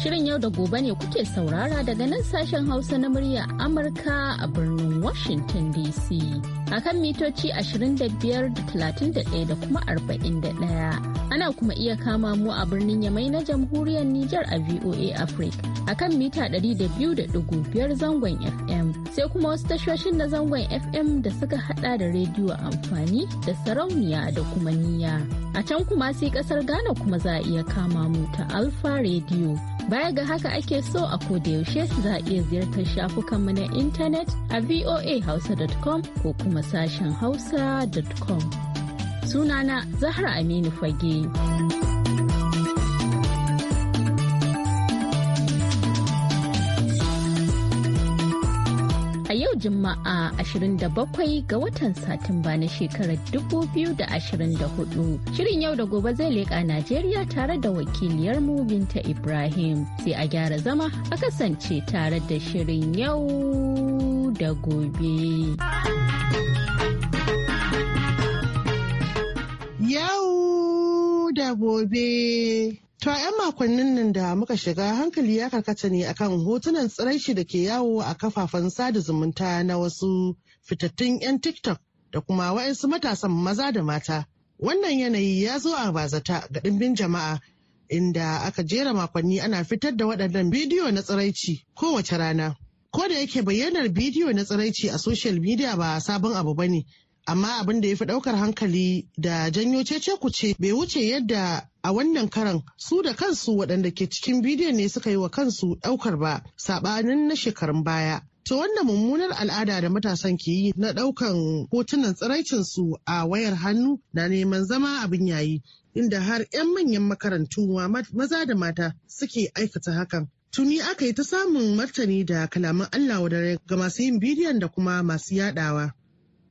Shirin yau da gobe ne kuke saurara daga nan sashen Hausa na murya Amurka a birnin Washington DC. A kan mitoci 25 da kuma 41. Ana kuma iya kama mu a birnin Yamai na jamhuriyar Nijar a VOA Africa a kan mita 200.5 zangon FM. Sai kuma wasu tashoshin na zangon FM da suka hada da rediyo amfani da sarauniya da kuma niya. A can kuma sai kasar Ghana kuma za a iya kama mu ta Alfa Radio. Baya ga haka ake so a kodayaushe za a iya ziyartar shafukanmu na intanet a voahausa.com ko kuma sashen hausa.com. Sunana Zahra Aminu Fage. Juma'a 27 ga watan Satumba na shekarar 2024. Shirin yau da gobe zai leƙa Najeriya tare da wakiliyarmu Binta Ibrahim. Sai a gyara zama a kasance tare da shirin yau da gobe. gobe. To a 'yan makonnin nan da muka shiga hankali ya karkata ne akan hotunan tsiraici da ke yawo a kafafen sada zumunta na wasu fitattun 'yan TikTok da kuma wa'insu matasan maza da mata. Wannan yanayi ya zo a bazata ga ɗimbin jama'a inda aka jera makonni ana fitar da waɗannan bidiyo na tsiraici kowace rana. Ko da yake bayyanar bidiyo na tsiraici a social media ba sabon abu bane amma abin da ya fi ɗaukar hankali da janyo cece ce bai wuce yadda a wannan karan su da kansu waɗanda ke cikin bidiyon ne suka yi wa kansu ɗaukar ba saɓanin na shekarun baya To wannan mummunar al'ada da matasan ke yi na ɗaukan hotunan su a wayar hannu na neman zama abin yayi inda har 'yan manyan makarantu maza da mata suke aikata hakan. Tuni aka yi ta samun martani da kalaman Allah wadare ga masu yin bidiyon da kuma masu yadawa.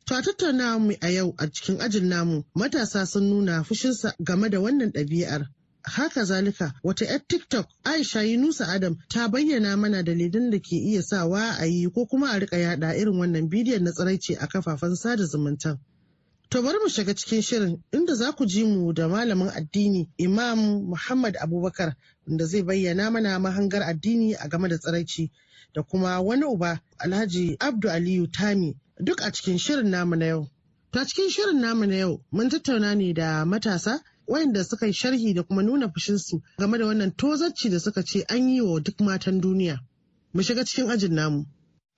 To a tattauna mu a yau a cikin ajin namu matasa sun nuna fushinsa game da wannan ɗabi'ar. Haka zalika wata 'yar TikTok Aisha Yunusa Adam ta bayyana mana dalilan da ke iya sawa a yi ko kuma a rika yada irin wannan bidiyon na tsiraici a kafafen sada zumunta. To bari mu shiga cikin shirin inda za ku ji mu da malamin addini Imam Muhammad Abubakar da zai bayyana mana mahangar addini a game da tsiraici da kuma wani uba Alhaji Abdu Aliyu Tami duk a cikin shirin namu na yau. Ta cikin shirin namu na yau mun tattauna ne da matasa wayanda suka yi sharhi da kuma nuna fushinsu game da wannan tozarci da suka ce an yi wa duk matan duniya. Mu shiga cikin ajin namu.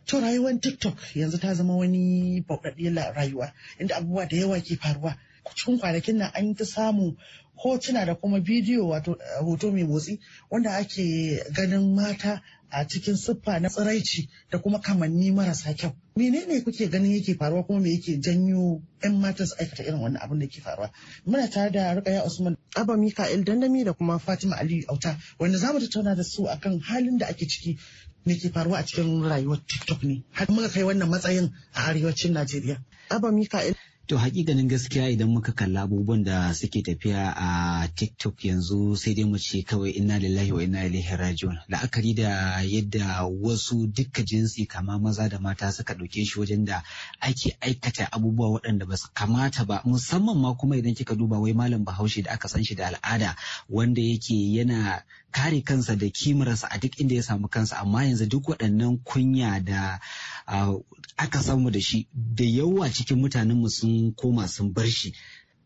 To rayuwar TikTok yanzu ta zama wani bauɗaɗɗiyar rayuwa inda abubuwa da yawa ke faruwa. Cikin kwanakin nan an ta samu hotuna da kuma bidiyo wato eh, hoto mai motsi wanda ake ganin mata a cikin siffa na tsiraici da kuma kamanni marasa kyau menene kuke ganin yake faruwa kuma me yake janyo yan mata su aikata irin wannan abin da ke faruwa muna tare da rukaya usman abba mika'il dandami da kuma fatima aliyu auta wanda zamu tattauna da su akan halin da ake ciki ne ke faruwa a cikin rayuwar tiktok ne har muka kai wannan matsayin a arewacin najeriya abba mika'il To hakikanin gaskiya idan muka kalla abubuwan da suke tafiya a TikTok yanzu sai dai mu ce kawai inna lillahi wa inna ilaihi raji'un. La'akari da yadda wasu dukkan jinsi kama maza da mata suka ɗauke shi wajen da ake aikata abubuwa waɗanda ba su kamata ba musamman ma kuma idan kika duba wai malam Bahaushe da aka san shi da al'ada wanda yake yana kare kansa da kimarsa a duk inda ya samu kansa amma yanzu duk waɗannan kunya da aka samu da shi da yawa cikin mutanenmu sun koma sun bar shi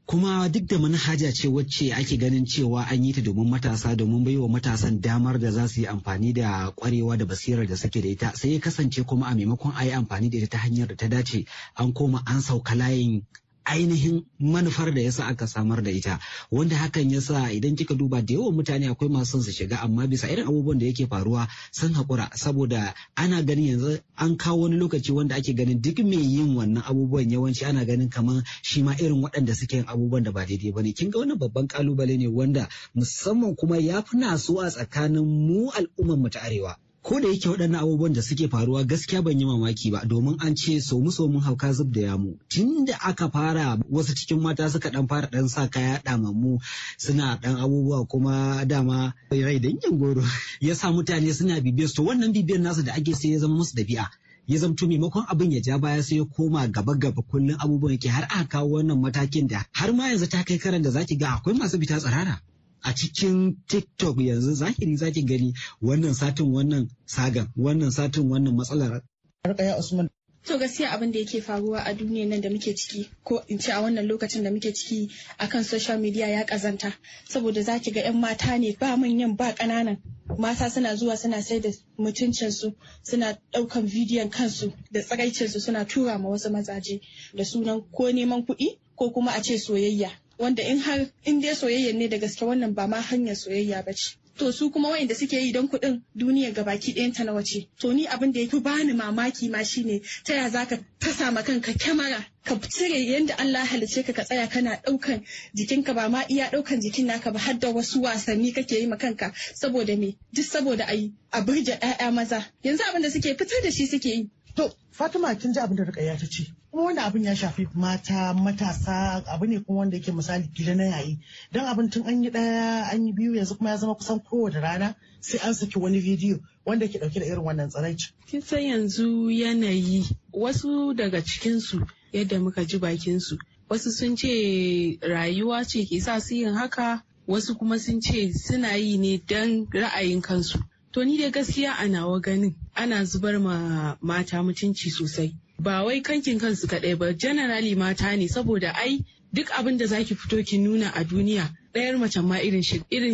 kuma duk da manhaja ce wacce ake ganin cewa an yi ta domin matasa domin baiwa matasan damar da za su yi amfani da kwarewa da basirar da suke da ita sai ya kasance kuma a maimakon a yi amfani da ita ta hanyar da ta dace an koma an sauka layin ainihin manufar da yasa aka samar da ita wanda hakan ya sa idan kika duba da yawan mutane akwai masu son su shiga amma bisa irin abubuwan da yake faruwa sun haƙura saboda ana ganin yanzu an kawo wani lokaci wanda ake ganin duk mai yin wannan abubuwan yawanci ana ganin kamar shi ma irin waɗanda suke yin abubuwan da ba daidai ba ne kin ga wannan babban kalubale ne wanda musamman kuma ya fi na so a tsakanin mu al'ummar mu ta arewa ko da yake waɗannan abubuwan da suke faruwa gaskiya ban yi mamaki ba domin an ce so somun hauka zub da yamu tun da aka fara wasu cikin mata suka dan fara dan sa kaya damammu suna dan abubuwa kuma dama rai dangin goro ya sa mutane suna bibiyar to wannan bibiyar nasu da ake sai ya zama musu dabi'a ya zamto maimakon abin ya ja baya sai ya koma gaba gaba kullum abubuwan yake har aka kawo wannan matakin da har ma yanzu ta kai karan da zaki ga akwai masu bita tsirara a cikin tiktok yanzu zahiri zaki gani wannan satin wannan sagan wannan satin wannan matsalar Arkaya Usman To gaskiya abin da yake faruwa a duniya nan da muke ciki ko in ce a wannan lokacin da muke ciki akan social media ya kazanta saboda zaki ga 'yan mata ne ba manyan ba ƙananan mata suna zuwa suna sai da mutuncinsu suna ɗaukan bidiyon kansu da su suna tura ma wasu mazaje da sunan ko neman kuɗi ko kuma a ce soyayya wanda in har in dai soyayya ne da gaske wannan ba ma hanyar soyayya ba ce to su kuma wa'inda suke yi don kuɗin duniya ga baki ɗayanta na wace to ni abin da ya fi bani mamaki ma shine ta ya zaka tasa ma kanka kyamara ka cire yadda Allah halice ka ka tsaya kana ɗaukan jikinka ba ma iya ɗaukan jikin naka ba har da wasu wasanni kake yi ma kanka saboda me duk saboda ayi a burge 'ya'ya maza yanzu abin da suke fitar da shi suke yi to Fatima kin ji abin da Rukayya ta ce kuma wanda abin ya shafi mata matasa abu ne kuma wanda yake misali gida na yayi don abin tun an yi daya an yi biyu yanzu kuma ya zama kusan kowace rana sai an saki wani bidiyo wanda ke dauke da irin wannan tsaraici. kin san yanzu yanayi wasu daga cikinsu yadda muka ji bakinsu wasu sun ce rayuwa ce ke sa su yin haka wasu kuma sun ce suna yi ne don ra'ayin kansu to ni da gaskiya a nawa ganin ana zubar ma mata mutunci sosai ba wai kankin kansu kaɗai ba generally mata ne saboda ai duk abin da zaki fito ki nuna a duniya ɗayar macen ma irin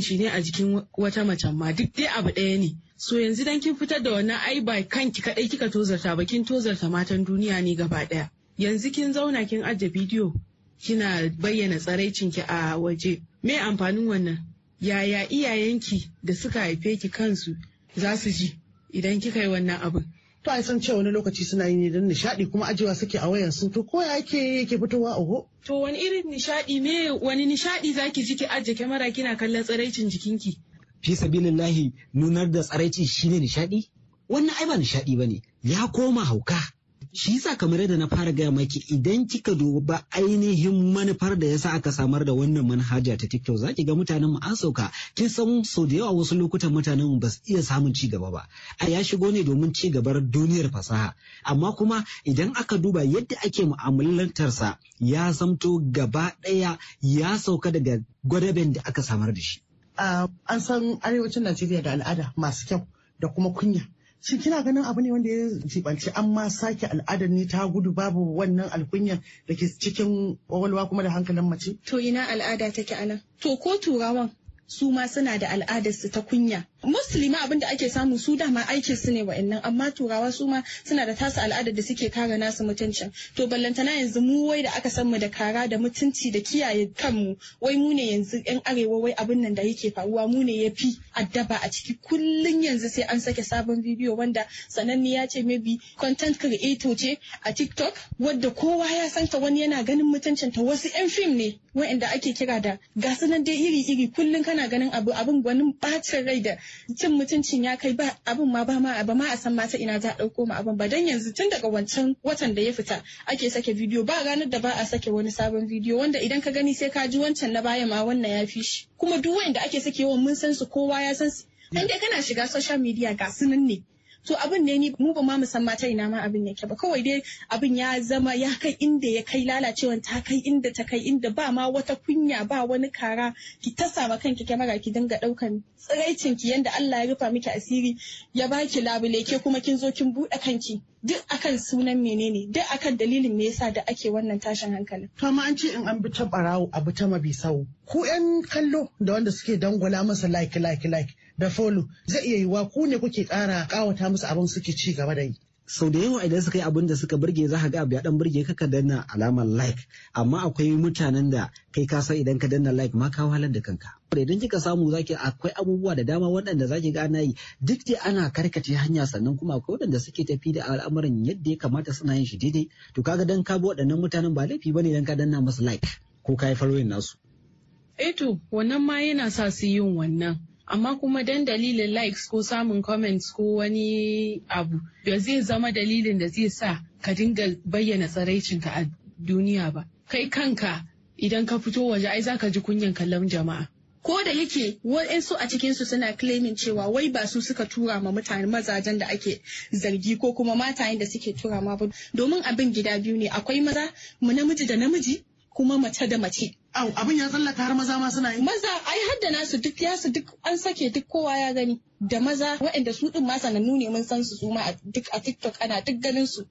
shi ne a jikin wata macen ma duk dai abu ɗaya ne so yanzu dan kin fitar da wannan ai ba kanki kaɗai kika tozarta ba kin tozarta matan duniya ne gaba ɗaya yanzu kin zauna kin ajiye bidiyo kina bayyana tsaraicin ki a waje me amfanin wannan yaya iyayenki da suka haife ki kansu za su ji idan kika yi wannan abin to a san cewa wani lokaci suna yin ne don nishaɗi kuma ajiyewa suke a wayan su to ko ya yake yake fitowa oho. To wani irin nishaɗi ne wani nishaɗi zaki ji ki ajiye kyamara kina kallon tsiraicin jikinki. Fi sabilillahi nunar da tsaraici shine nishaɗi? Wannan ai ba nishaɗi bane ya koma hauka. Shi yasa kamar yadda na fara gaya maki idan kika duba ainihin manufar da yasa aka samar da wannan manhaja ta TikTok za ki ga mutanen mu an sauka kin san sau da yawa wasu lokutan mutanen mu ba su iya samun ci gaba ba. A ya shigo ne domin ci gabar duniyar fasaha amma kuma idan aka duba yadda ake mu'amalantarsa ya zamto gaba daya ya sauka daga gwadaben da aka samar da shi. An san arewacin Najeriya da al'ada masu kyau da kuma kunya. Shin kina ganin abu ne wanda ya jibanci an ma sake al'adar ne ta gudu babu wannan alkunyar da ke cikin kwakwalwa kuma da hankalin mace? To ina al'ada take anan. To ko turawan su ma suna da al'adarsu ta kunya musulma abin da ake samu su dama aikin su ne wa'annan amma turawa su ma suna da tasu al'adar da suke kare nasu mutuncin to ballantana yanzu mu wai da aka san mu da kara da mutunci da kiyaye kanmu wai mu ne yanzu yan arewa wai abin nan da yake faruwa mu ne yafi addaba a ciki kullun yanzu sai an sake sabon bidiyo wanda sananni ya ce maybe content creator ce a TikTok wadda kowa ya san ta wani yana ganin mutuncin ta wasu yan fim ne wa'anda ake kira da gasu nan dai iri-iri kullun kana ganin abu abin gwanin bacin rai da cin mutuncin ya kai ba abin ma ba ma a san mata ina za a ɗauko ma abin ba dan yanzu tun daga wancan watan da ya fita ake sake bidiyo ba ranar da ba a sake wani sabon bidiyo wanda idan ka gani sai ka ji wancan na baya ma wannan ya fi shi kuma duk wanda ake sake yawan mun san su kowa ya san su an dai kana shiga social media ga sunan ne to abin ne ni mu ba ma musamman ta ina ma abin yake ba kawai dai abin ya zama ya kai inda ya kai lalacewan ta kai inda ta kai inda ba ma wata kunya ba wani kara ki ta sama kanki kyamara ki dinga daukan tsiraicin ki yanda Allah ya rufa miki asiri ya baki labule ke kuma kin zo kin bude kanki duk akan sunan menene duk akan dalilin me yasa da ake wannan tashin hankalin to amma an ce in an bi ta barawo abu ta mabisau ku yan kallo da wanda suke dangwala masa like like like da folo zai iya yiwa ku ne kuke kara kawata musu abin suke ci gaba da yi. sau da yawa idan suka yi abin da suka burge za ka ga abu ya dan burge ka ka danna alamar like amma akwai mutanen da kai ka san idan ka danna like ma ka wahalar da kanka idan kika samu zaki akwai abubuwa da dama waɗanda zaki ga ana yi duk da ana karkace hanya sannan kuma akwai waɗanda suke tafi da al'amuran yadda ya kamata suna yin shi daidai to kaga dan ka bi waɗannan mutanen ba laifi bane dan ka danna musu like ko ka yi farwayin nasu eh to wannan ma yana sa su yin wannan amma kuma dan dalilin likes ko samun comments ko wani abu da zai zama dalilin da zai sa ka dinga bayyana tsaraicinka a duniya ba kai kanka idan ka fito waje ai za ka ji kunyan kallon jama'a ko da yake waɗansu a cikin su suna claiming cewa wai ba su suka tura ma mutane mazajen da ake zargi ko kuma matayen da suke tura ma ba domin abin gida biyu ne akwai maza mu namiji da namiji kuma mace da mace. Au abin ya tsallaka har maza ma suna yi. Maza ai hadda nasu duk ya su duk an sake duk kowa ya gani da maza waɗanda su ɗin ma sanannu ne mun san su su ma duk a TikTok ana duk ganin su.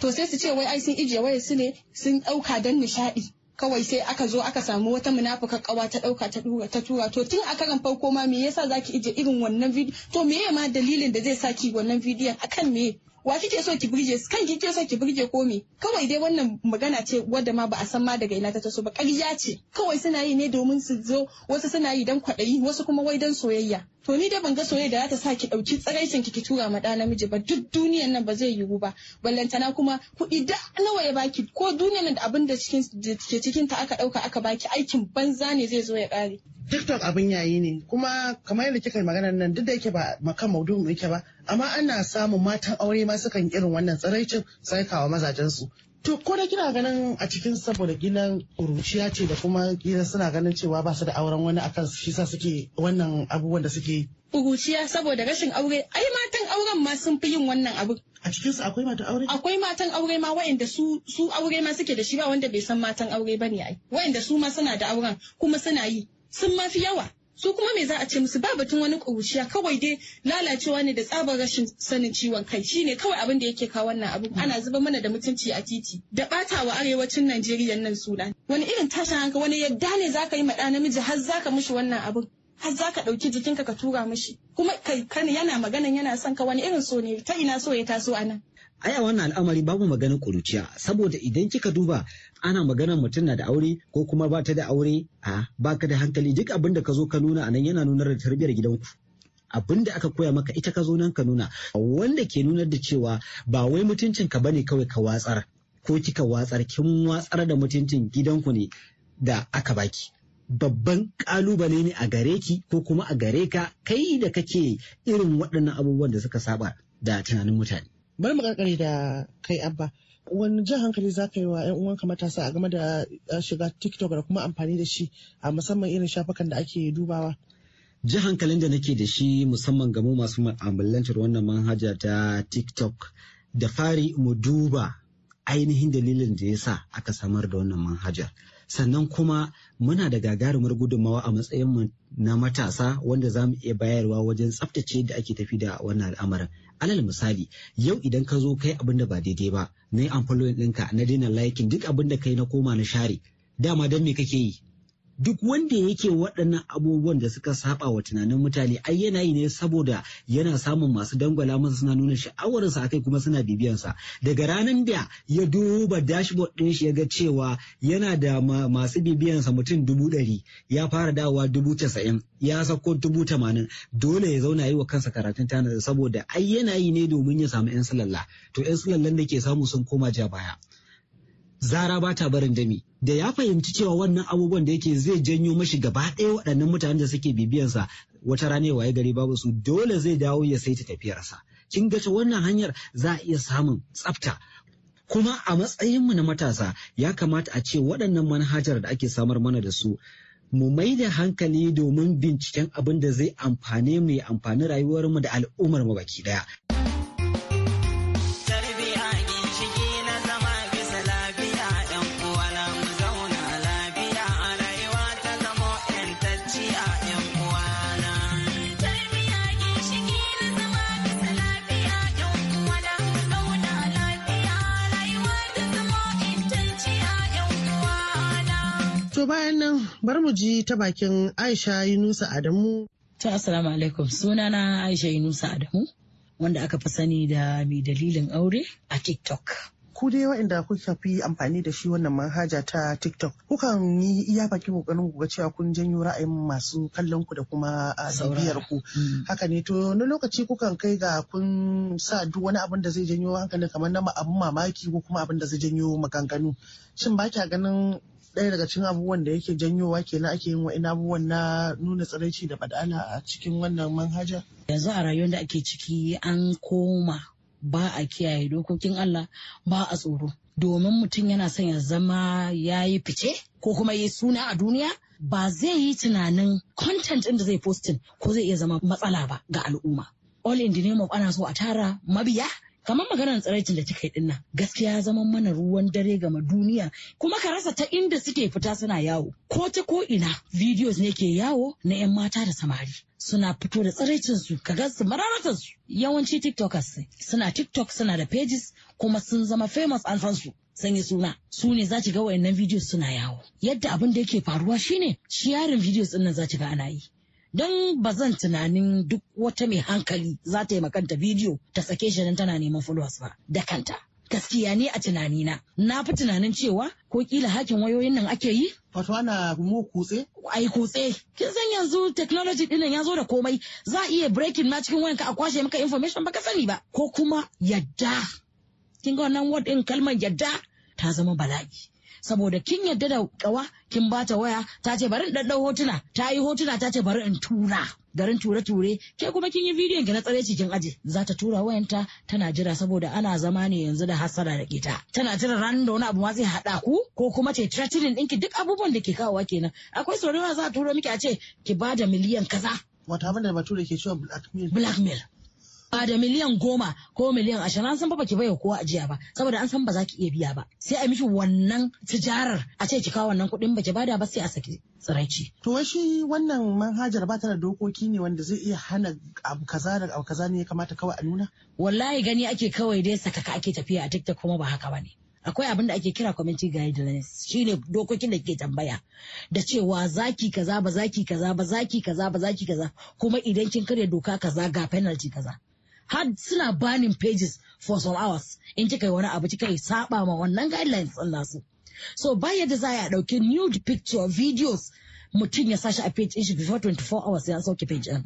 To sai su ce wai ai sun ije waye su ne sun ɗauka don nishaɗi. Kawai sai aka zo aka samu wata munafuka kawa ta ɗauka ta tura ta tura to tun a karan farko ma me yasa zaki ije irin wannan bidiyo to me ma dalilin da zai saki wannan bidiyon akan me wa kike so ki burge kan kike so ki burge komi kawai dai wannan magana ce wadda ma ba a san ma daga ina ta taso ba ƙarya ce kawai suna yi ne domin su zo wasu suna yi dan kwaɗayi wasu kuma wai dan soyayya to ni da ban ga soyayya da za ta sa ki ɗauki tsaraicin ki ki tura ma ɗa namiji ba duk duniyan nan ba zai yiwu ba ballantana kuma kuɗi da nawa ya baki ko duniyan nan da abin da ke cikin ta aka ɗauka aka baki aikin banza ne zai zo ya ƙare TikTok abin yayi ne kuma kamar yadda kika magana nan duk da yake ba makan mu yake ba amma ana samun matan aure ma sukan irin wannan tsaraicin sai kawo mazajen su to ko da kina ganin a cikin saboda gidan kuruciya ce da kuma kila suna ganin cewa ba su da auren wani akan shi sa suke wannan abubuwan da suke kuruciya saboda rashin aure ai matan auren ma sun fi yin wannan abu a cikin su akwai matan aure akwai matan aure ma waɗanda su su aure ma suke da shi ba wanda bai san matan aure bane ai waɗanda su ma suna da auren kuma suna yi sun mafi yawa su kuma me za a ce musu ba batun wani ƙuruciya kawai dai lalacewa ne da tsabar rashin sanin ciwon kai ne kawai abin da yake kawo wannan abu ana zuba mana da mutunci a titi da batawa wa arewacin Najeriya nan suna wani irin tashin hankali wani yadda ne zaka yi maɗa namiji har zaka mushi wannan abin har za ka ɗauki jikinka ka tura mushi. kuma kai yana maganan yana son ka wani irin so ne ta ina so ya taso a nan. Aya wannan al'amari babu maganin ƙuruciya saboda idan kika duba ana magana mutum na da aure ko kuma ba ta da aure a baka da hankali duk abin da ka zo ka nuna anan yana nunar da tarbiyyar gidanku abin da aka koya maka ita ka zo nan ka nuna wanda ke nunar da cewa ba wai mutuncin ka bane kawai ka watsar ko kika watsar kin watsar da mutuncin gidanku ne da aka baki babban kalubale ne a gare ki ko kuma a gare ka kai da kake irin waɗannan abubuwan da suka saba da tunanin mutane bari mu karkare da kai abba wani jan hankali za ka yi wa 'yan uwanka matasa a game da shiga tiktok da kuma amfani da shi a musamman irin shafukan da ake dubawa ji hankalin da nake da shi musamman ga mu masu ma'amalantar wannan manhaja ta tiktok da fari mu duba ainihin dalilin da ya sa aka samar da wannan manhajar sannan kuma muna da gagarumar gudunmawa a matsayin mu na matasa wanda za mu iya bayarwa wajen tsaftace da ake tafi da wannan al'amarin alal misali yau idan ka zo kai abin da ba daidai ba na yi unfollowing ɗinka na daina laikin duk abin da kai na koma na share dama don me kake yi duk wanda yake waɗannan abubuwan da suka saba wa tunanin mutane ai yana yi ne saboda yana samun masu dangwala masa suna nuna sha'awarsa akai kuma suna bibiyan sa daga ranar da ya duba dashboard ɗin shi ya ga cewa yana da masu bibiyansa mutum dubu ɗari ya fara dawowa dubu casa'in ya sako dubu tamanin dole ya zauna yi wa kansa karatun tana saboda ai yana yi ne domin ya samu 'yan sulalla to 'yan sulallan da ke samu sun koma ja baya zara ba ta barin dami da ya fahimci cewa wannan abubuwan da yake zai janyo mashi gaba ɗaya waɗannan mutanen da suke bibiyansa wata rana ya waye gari babu su dole zai dawo ya saita tafiyarsa kin ga wannan hanyar za a iya samun tsafta kuma a matsayinmu na matasa ya kamata a ce waɗannan manhajar da ake samar mana da su mu mai da hankali domin binciken abin da zai amfane mu ya amfani rayuwarmu da al'ummar mu baki ɗaya. bar mu ji ta bakin Aisha Yunusa Adamu. Ta assalamu alaikum sunana Aisha Yunusa Adamu wanda aka fi sani da mai dalilin aure a TikTok. ku dai waɗanda kuka fi amfani da shi wannan manhaja ta TikTok kukan yi iya baki kokarin ku cewa kun janyo ra'ayin masu kallon ku da kuma bibiyar ku mm. haka ne to na lokaci kukan kai ga kun sa duk wani abin da zai janyo hankali kamar na abin mamaki ko kuma abin da zai janyo maganganu shin ba ganin ɗaya daga cikin abubuwan da yake janyowa kenan ake yin wa'in abubuwan na nuna tsaraici da badala a cikin wannan manhaja yanzu a rayuwar da ake ciki an koma ba a kiyaye dokokin Allah ba a tsoro domin mutum yana son ya zama ya yi fice ko kuma ya suna a duniya ba zai yi tunanin content ɗin da zai postin ko zai iya zama matsala ba ga al'umma all in the name of ana so a tara mabiya kamar maganar tsiraicin da kika yi dinnan gaskiya zama mana ruwan dare gama duniya kuma ka rasa ta inda suke fita suna yawo ko ta ko ina videos ne ke yawo na 'yan mata da samari suna fito da tsiraicin su ka gan su mararatar su yawanci tiktokers suna tiktok suna da pages kuma sun zama famous an san su sun suna su ne za ki ga wayannan videos suna yawo yadda abin da yake faruwa shine yarin videos din nan za ki ga ana yi don ba zan tunanin duk wata mai hankali za ta yi makanta bidiyo ta sake shi don tana neman followers ba da kanta gaskiya ne a tunanina na fi tunanin cewa ko kila hakin wayoyin nan ake yi Fatuwa na mu kutse? Ai kutse. Kin san yanzu technology dinnan ya zo da komai za a iya breaking na cikin wayanka a kwashe maka information baka sani ba. Ko kuma yadda. Kin ga wannan word din kalmar yadda ta zama bala'i. saboda kin yadda da kawa kin bata waya ta ce bari in ɗaɗɗau hotuna ta yi hotuna ta ce bari in tura garin ture-ture ke kuma kin yi bidiyon ki na tsare cikin aji za ta tura wayanta tana jira saboda ana zama ne yanzu da hasara da ita tana jira ranar da wani abu ma zai haɗa ku ko kuma ce threatening ɗinki duk abubuwan da ke kawowa kenan akwai sorewa za a turo miki a ce ki bada miliyan kaza wata abin da bature ke cewa blackmail blackmail ba da miliyan goma ko miliyan ashirin an san ba baki baiwa kowa ajiya ba saboda an san ba za ki iya biya ba sai a miki wannan tijarar a ce ki kawo wannan kuɗin baki bada ba sai a saki tsiraici. To shi wannan manhajar ba ta da dokoki ne wanda zai iya hana abu kaza da abu kaza ne ya kamata kawai a nuna? Wallahi gani ake kawai dai sakaka ake tafiya a TikTok kuma ba haka ba ne. akwai abin da ake kira community guidelines ne dokokin da ke tambaya da cewa zaki kaza ba zaki kaza ba zaki kaza ba zaki kaza kuma idan kin karya doka kaza ga penalty kaza har suna banin pages for some hours in kika yi wani abu kika yi saba ma wannan guidelines din nasu so ba yadda za a dauki nude picture videos mutum ya sashi a page in shi before 24 hours ya sauke page din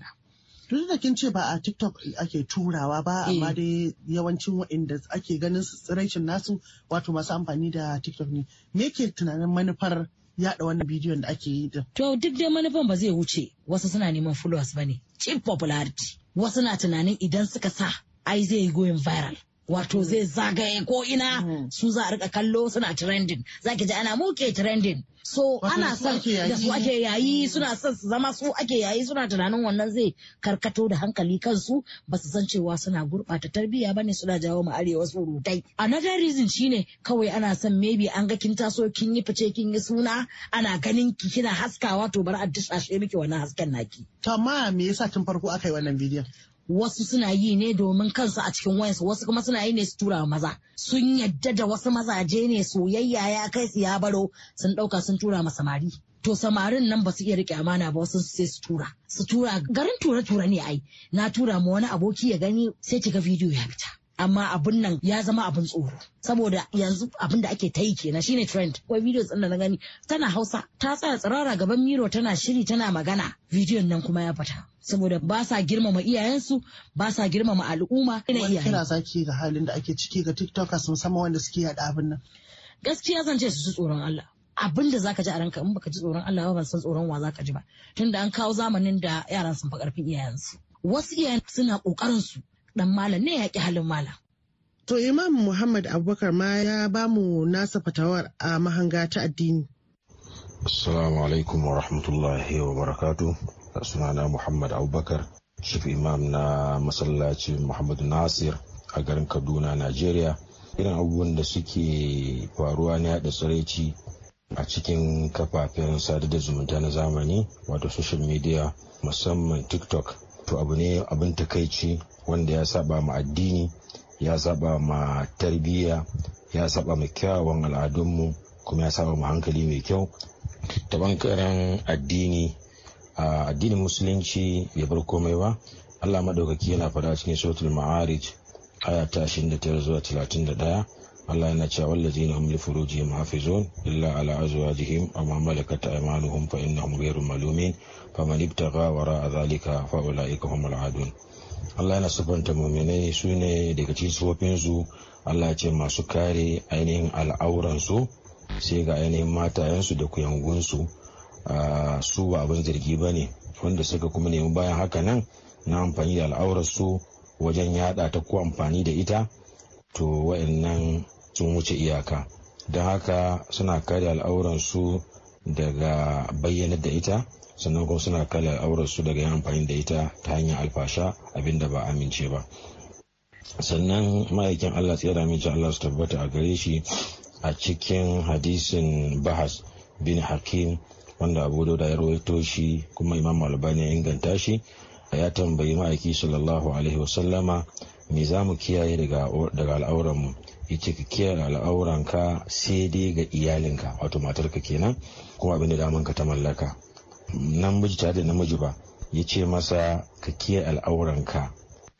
tun da kin ce ba a tiktok ake turawa ba eh. amma dai yawancin waɗanda ake ganin tsiraicin nasu wato masu amfani da tiktok ne me ke tunanin manufar yada wannan bidiyon da ake yi da. To duk dai manufan ba zai wuce wasu suna neman followers ba ne. cheap popularity. Wasu na tunanin idan suka sa ai zai yi going viral. wato zai zagaye ko ina mm. su za a rika kallo suna trending zaki ji ana muke trending so ana son da su ake yayi suna son su zama su ake yayi suna tunanin wannan zai karkato da hankali kansu ba su san cewa suna gurɓata tarbiyya bane suna jawo ma arewa su rutai another reason shine kawai ana son maybe an ga kin taso kin yi fice kin yi suna ana ganin ki kina haskawa to bar a dishashe miki wannan hasken naki to amma me yasa tun farko aka yi wannan bidiyon wasu suna yi ne domin kansu a cikin wayansu wasu kuma suna yi ne su tura maza sun yadda da wasu mazaje ne soyayya ya kai su ya baro sun ɗauka sun tura ma samari to samarin nan ba su iya rike amana ba wasu sai su tura su tura garin tura tura ne ai na tura ma wani aboki ya gani sai kiga bidiyo ya fita amma abun nan ya zama abun tsoro saboda yanzu abin da ake ta yi kenan shine trend ko videos din da na gani tana Hausa ta tsaya tsirara gaban miro tana shiri tana magana video nan kuma ya fata saboda ba sa girmama iyayensu ba sa girmama al'umma ina iyaye kina saki ga halin da ake ciki ga tiktokers sama wanda suke yada abin nan gaskiya zan ce su tsoron Allah abin da zaka ji a ranka in baka ji tsoron Allah ba ban san tsoron wa zaka ji ba tunda an kawo zamanin da yaran sun fa karfin iyayensu wasu iyayen suna kokarin su dan malam ne ya ki halin malam. To Imam Muhammad Abubakar ma ya bamu nasa fatawar a mahanga ta addini. Assalamu alaikum wa rahmatullahi wa barakatu. Sunana Muhammad Abubakar, shif imam na masallaci Muhammadu Nasir a garin Kaduna, Najeriya. Irin abubuwan da suke faruwa ne da tsiraici a cikin kafafen sadar da zumunta na zamani wato social media musamman TikTok. To abu ne abin takaici wanda ya saba ma addini ya saba ma tarbiyya ya saba ma kyawawan al'adunmu kuma ya saba ma hankali mai kyau ta bankaren addini addinin musulunci bai bar komai ba allah maɗaukaki yana faɗa cikin sautul ma'arij aya ta da 29 zuwa 31 Allah yana cewa wallazina hum li furujihim hafizun illa ala jihim aw ma malakat aymanuhum fa innahum ghayru malumin faman ibtagha a zalika fa ulaika humul adun Allah yana sufanta muminai su ne daga cikin su Allah ce masu kare ainihin al'auransu sai ga ainihin matayensu da kuyangunsu ah, su ba abin zargi ba ne wanda suka kuma nemi bayan haka nan na amfani da al'aurarsu wajen yada ta ko amfani da ita to wa'annan sun wuce iyaka don haka suna kare al'auransu daga bayyanar da ita sannan kuma suna kala auren su daga yin amfani da ita ta hanyar alfasha abinda da ba amince ba sannan ma'aikin allah tsira amince allah su tabbata a gare shi a cikin hadisin bahas bin hakim wanda abu da ya rawaito shi kuma imam albani ya inganta shi ya tambayi ma'aiki sallallahu alaihi wasallama me za mu kiyaye daga al'auranmu ya ce ka kiyaye al'auranka sai dai ga iyalinka wato matarka kenan kuma abin da damanka ta mallaka namiji tare da namiji ba ya ce masa ka kiyaye al'auranka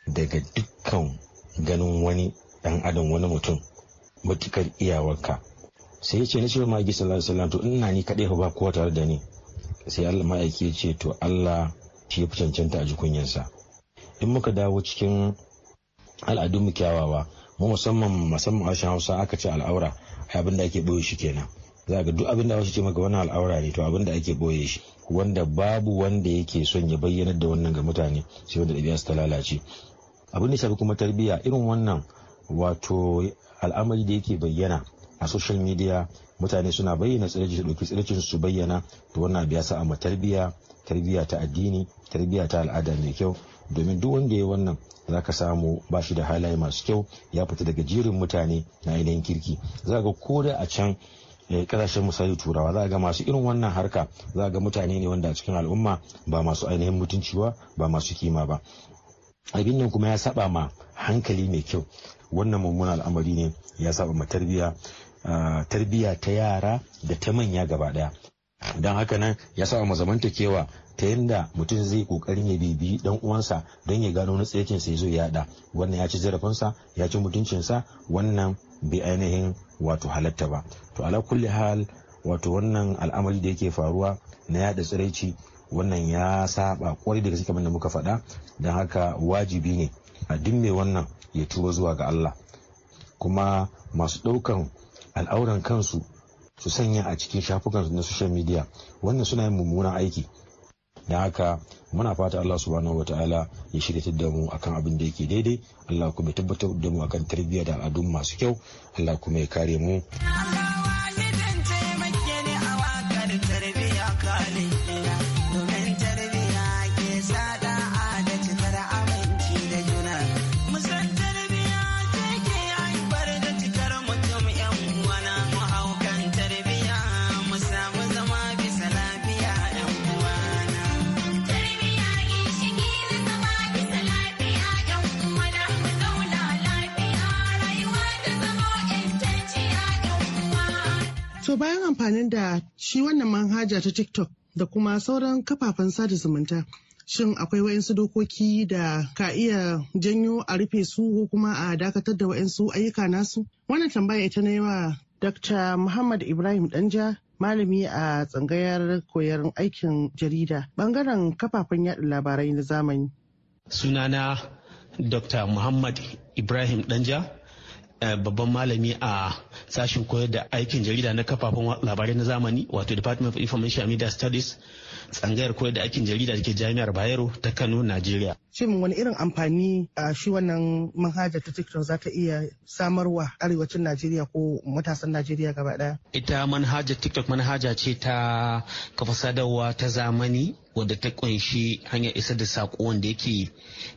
daga dukkan ganin wani dan adam wani mutum matukar iyawarka sai ya ce na ce ma gi to ina ni kadai ba kowa tare da ni sai Allah ma'aiki ya ce to Allah shi ya fi cancanta a jikunyansa in muka dawo cikin al'adun mu kyawawa mu musamman musamman harshen hausa aka ce al'aura abin da ake boye shi kenan za ga duk abin da wasu ce maka wannan al'aura ne to abin da ake boye shi wanda babu wanda yake son ya bayyana da wannan ga mutane sai wanda ɗabi'a ta lalace abin da shafi kuma tarbiyya irin wannan wato al'amari da yake bayyana a social media mutane suna bayyana tsirci su ɗauki tsircin su bayyana to wannan biya sa amma tarbiyya tarbiyya ta addini tarbiyya ta al'ada mai kyau domin duk wanda ya wannan za ka samu ba shi da halaye masu kyau ya fita daga jirin mutane na ainihin kirki za ga ko da a can kasashen eh, misali turawa za ga masu irin wannan harka za ga mutane ne wanda a cikin al'umma ba masu ainihin mutunci ba ba masu kima ba abin nan kuma ya saba ma hankali mai kyau wannan mummunan al'amari ne ya saba ma tarbiyya ah, ta yara da ta manya gaba daya don haka nan ya saba ma zamantakewa ta yadda mutum zai kokarin ya bibi dan uwansa don ya gano na sai zo ya yaɗa wannan ya ci zarafinsa ya ci mutuncinsa wannan bai ainihin wato halatta ba to ala kulli hal wato wannan al'amari da yake faruwa na yada tsiraici wannan ya saba kwarai da gaske da muka faɗa don haka wajibi ne a dimme wannan ya tuba zuwa ga Allah kuma masu ɗaukan al'auran kansu su sanya a cikin shafukan na social media wannan suna yin mummunan aiki da haka muna fata Allah subhanahu wataala ya shirya da mu akan abin da yake daidai Allah kuma ya tabbatar da mu akan tarbiyya da al'adun masu kyau Allah kuma ya kare mu So bayan amfani da shi wannan manhaja ta TikTok da kuma sauran kafafen sada zumunta. Shin akwai wa'insu dokoki da ka iya janyo a rufe su ko kuma a dakatar da wa'insu ayyuka nasu? Wannan tambaya ita na wa Dr. Muhammad Ibrahim Danja malami a tsangayar koyar aikin jarida bangaren kafafen yaɗa labarai na zamani. Sunana Dr. Muhammad Ibrahim Danja Eh, babban malami a sashen koyar da aikin jarida na kafafen labarai na zamani wato Department of Information and Media Studies tsangayar koyar da aikin jarida da ke jami'ar Bayero ta Kano, Najeriya. Shin wani irin amfani a shi wannan manhajar ta TikTok za ta iya samarwa arewacin Najeriya ko matasan Najeriya gaba ɗaya? Ita manhajar TikTok manhaja ce ta kafa sadarwa ta zamani wanda ta kunshi hanyar isar da saƙo wanda yake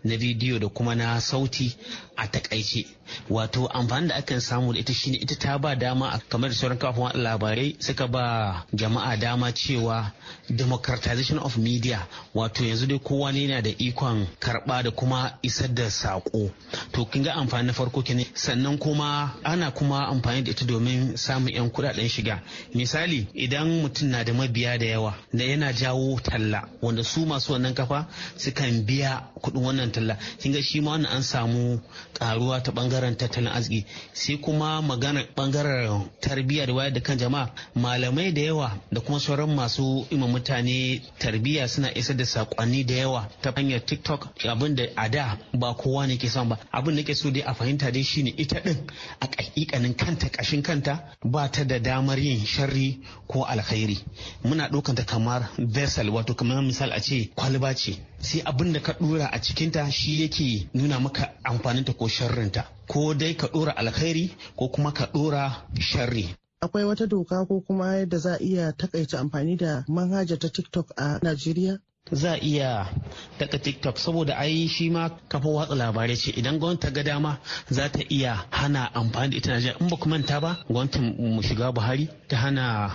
na bidiyo da kuma na sauti a takaice wato amfani da akan samu da ita shine ita ta ba dama a kamar da sauran kafin labarai suka ba jama'a dama cewa democratization of media wato yanzu dai kowa ne yana da ikon karba da kuma isar da sako to kin ga amfani na farko kenan sannan kuma ana kuma amfani da ita domin samun 'yan kuɗaɗen shiga misali idan mutum na da mabiya da yawa da yana jawo talla wanda su masu wannan kafa sukan biya kuɗin wannan talla kin ga shi ma wannan an samu karuwa ta bangaren tattalin arziki sai kuma magana bangaren tarbiyya da wayar da kan jama'a malamai da yawa da kuma sauran masu ima mutane tarbiyya suna isar da sakonni da yawa ta hanyar tiktok abin da a da ba kowa ne ke son ba abin da ke so dai a fahimta dai shine ita din a hakikanin kanta kashin kanta ba ta da damar yin sharri ko alkhairi muna ɗaukanta kamar vessel wato kamar kamar misal a ce kwalba ce sai abin da ka dora a cikinta shi yake nuna maka amfaninta ko sharrinta ko dai ka dora alkhairi ko kuma ka dora sharri akwai wata doka ko kuma yadda za a iya takaita amfani da manhaja ta tiktok a najeriya za a iya daga tiktok saboda ai shi ma kafa watsa labarai ce idan gwamnati ga dama za ta iya hana amfani da ita najeriya in ba kuma ta ba gwamnatin mu shiga buhari ta hana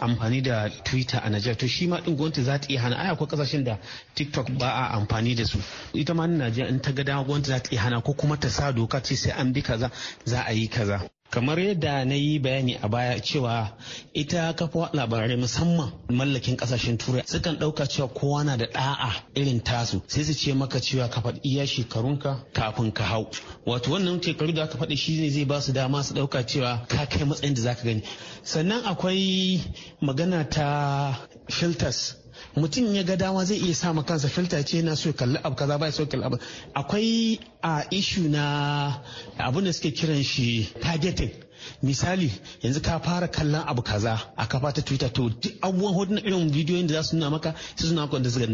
amfani da twitter a Najeriya to shi ma din gwamnati za ta iya hana aya akwai kasashen da tiktok ba a amfani da su ita ma Najeriya in ta ga dama gwamnati za ta iya hana ko kuma ta sa doka ce sai an bi kaza za a yi kaza kamar yadda na yi bayani a baya cewa ita kafa labarai musamman mallakin kasashen turai sukan ɗauka cewa kowa na da ɗa'a irin tasu sai su ce maka cewa ka faɗi iya shekarunka kafin ka hau wato wannan shekaru da aka faɗi shi ne zai ba su dama su ɗauka cewa ka kai matsayin da zaka gani sannan akwai magana ta filters mutum ya ga dama zai iya sa kansa filta ce na so kalli abu kaza bai so kalli abu akwai a ah, ishu na abun da suke kiran shi targeting misali yanzu ka fara kallon abu kaza a kafa ta twitter to duk abubuwan hotunan irin bidiyoyin da za su nuna maka su suna maka wanda suka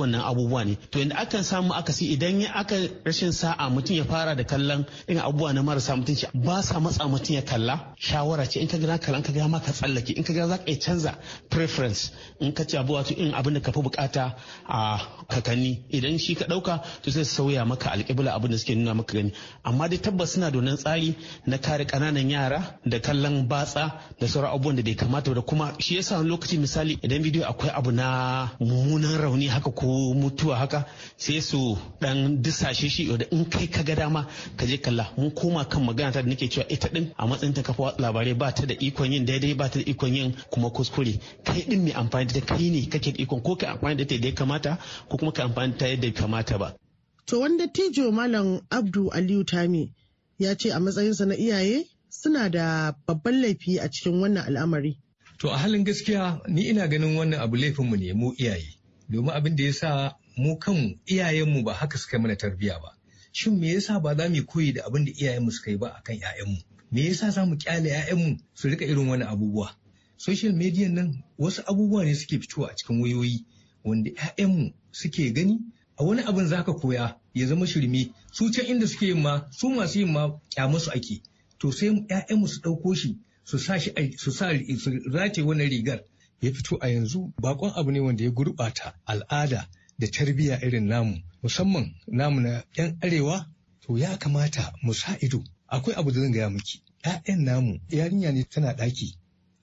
wannan abubuwa ne to yanda akan samu aka si idan ya aka rashin sa'a mutum ya fara da kallon irin abubuwa na marasa mutunci ba sa matsa mutum ya kalla shawara ce in ka gina kallon ka ga ma ka tsallake in ka ga za ka canza preference in ka ci abu to in abin da ka fi bukata a kakanni idan shi ka dauka to sai sauya maka alƙibla abin da suke nuna maka gani amma dai tabbas suna da wannan tsari na kare kananan yara da kallon batsa da sauran abubuwan da bai kamata ba da kuma shi yasa lokaci misali idan bidiyo akwai abu na mummunan rauni haka ko mutuwa haka sai su dan dusashe shi da in kai ka ga dama ka je kalla mun koma kan magana ta da nake cewa ita din a matsayin ta kafa labarai ba ta da ikon yin daidai ba ta da ikon yin kuma kuskure kai din mai amfani da kai ne kake da ikon ko ka amfani da ta yadda ya kamata ko kuma ka amfani ta yadda ya kamata ba To wanda Tijo Malam Abdu Aliyu Tami ya ce a matsayinsa na iyaye suna da babban laifi a cikin wannan al'amari. To a halin gaskiya ni ina ganin wannan abu laifinmu ne mu iyaye domin abin da ya sa mu kan iyayenmu ba haka suka mana tarbiyya ba. Shin me yasa ba za mu koyi da abin da iyayenmu suka yi ba akan 'ya'yanmu? Me yasa za mu ƙyale 'ya'yanmu su rika irin wani abubuwa? Social media nan wasu abubuwa ne suke fitowa a cikin wayoyi wanda 'ya'yanmu suke gani a wani abin za ka koya ya zama shirme su can inda suke yin ma su masu yin ma kyamasu ake to sai ƴaƴanmu su ɗauko shi su sa shi su sa su race wannan rigar ya fito a yanzu bakon abu ne wanda ya gurɓata al'ada da tarbiyya irin namu musamman namu na yan arewa to ya kamata mu sa ido akwai abu da zan gaya miki ƴaƴan namu yarinya ne tana ɗaki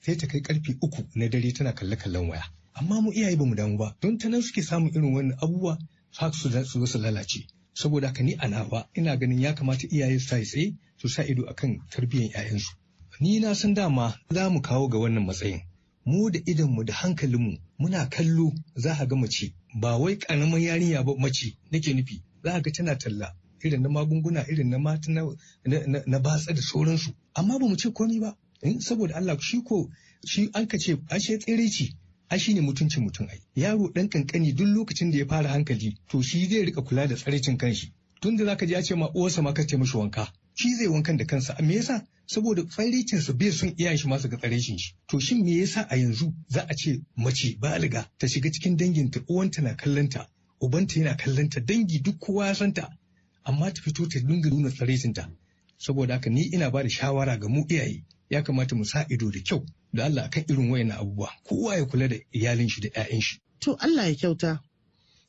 sai ta kai karfe uku na dare tana kalle kallon waya amma mu iyaye bamu damu ba don ta nan suke samun irin wannan abubuwa har su haka su lalace saboda haka ni a ina ganin ya kamata iyaye su tsaye su sa ido akan tarbiyyar 'ya'yansu ni na san dama za mu kawo ga wannan matsayin mu da idonmu da hankalinmu muna kallo za a ga mace ba wai karamin yarinya ba mace nake nufi za a ga tana talla irin na magunguna irin na mata na, batsa da sauransu amma ba mu ce komai ba eh, saboda Allah shi ko shi an ka ce ashe tsere ce shi ne mutuncin mutum ai yaro ɗan kankani duk lokacin da ya fara hankali to shi zai rika kula da tsarecin kanshi tun da za ka ji a ce ma uwarsa ma ka ce mishi wanka shi zai wankan da kansa me yasa saboda tsaricin su bai son iyaye shi masu ga tsare shi to shin me yasa a yanzu za a ce mace baliga ta shiga cikin dangin danginta uwanta na kallanta ubanta yana kallanta dangi duk kowa ya santa amma ta fito ta dinga nuna ta saboda haka ni ina ba da shawara ga mu iyaye ya kamata mu sa ido da kyau da Allah kan irin wayannan abubuwa kowa ya kula da iyalin shi da 'ya'yan shi to Allah ya kyauta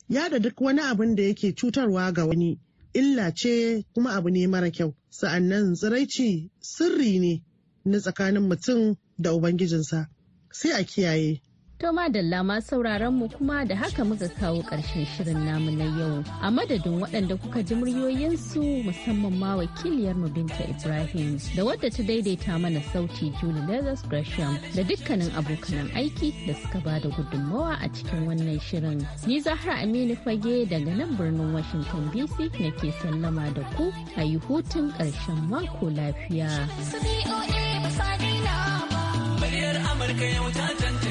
ya da duk wani abin da yake cutarwa ga wani illa ce kuma abu ne mara kyau sa'annan tsiraici sirri ne na tsakanin mutum da ubangijinsa sai a kiyaye To madalla ma sauraron mu kuma da haka muka kawo ƙarshen shirin namu na yau. A madadin waɗanda kuka ji muryoyinsu musamman ma wakiliyar mu Binta Ibrahim da wadda ta daidaita mana sauti Julie Lazarus Gresham da dukkanin abokanan aiki da suka ba da gudummawa a cikin wannan shirin. Ni Zahra Aminu Fage daga nan birnin Washington DC nake sallama da ku a yi hutun ƙarshen mako lafiya. Amurka yau ta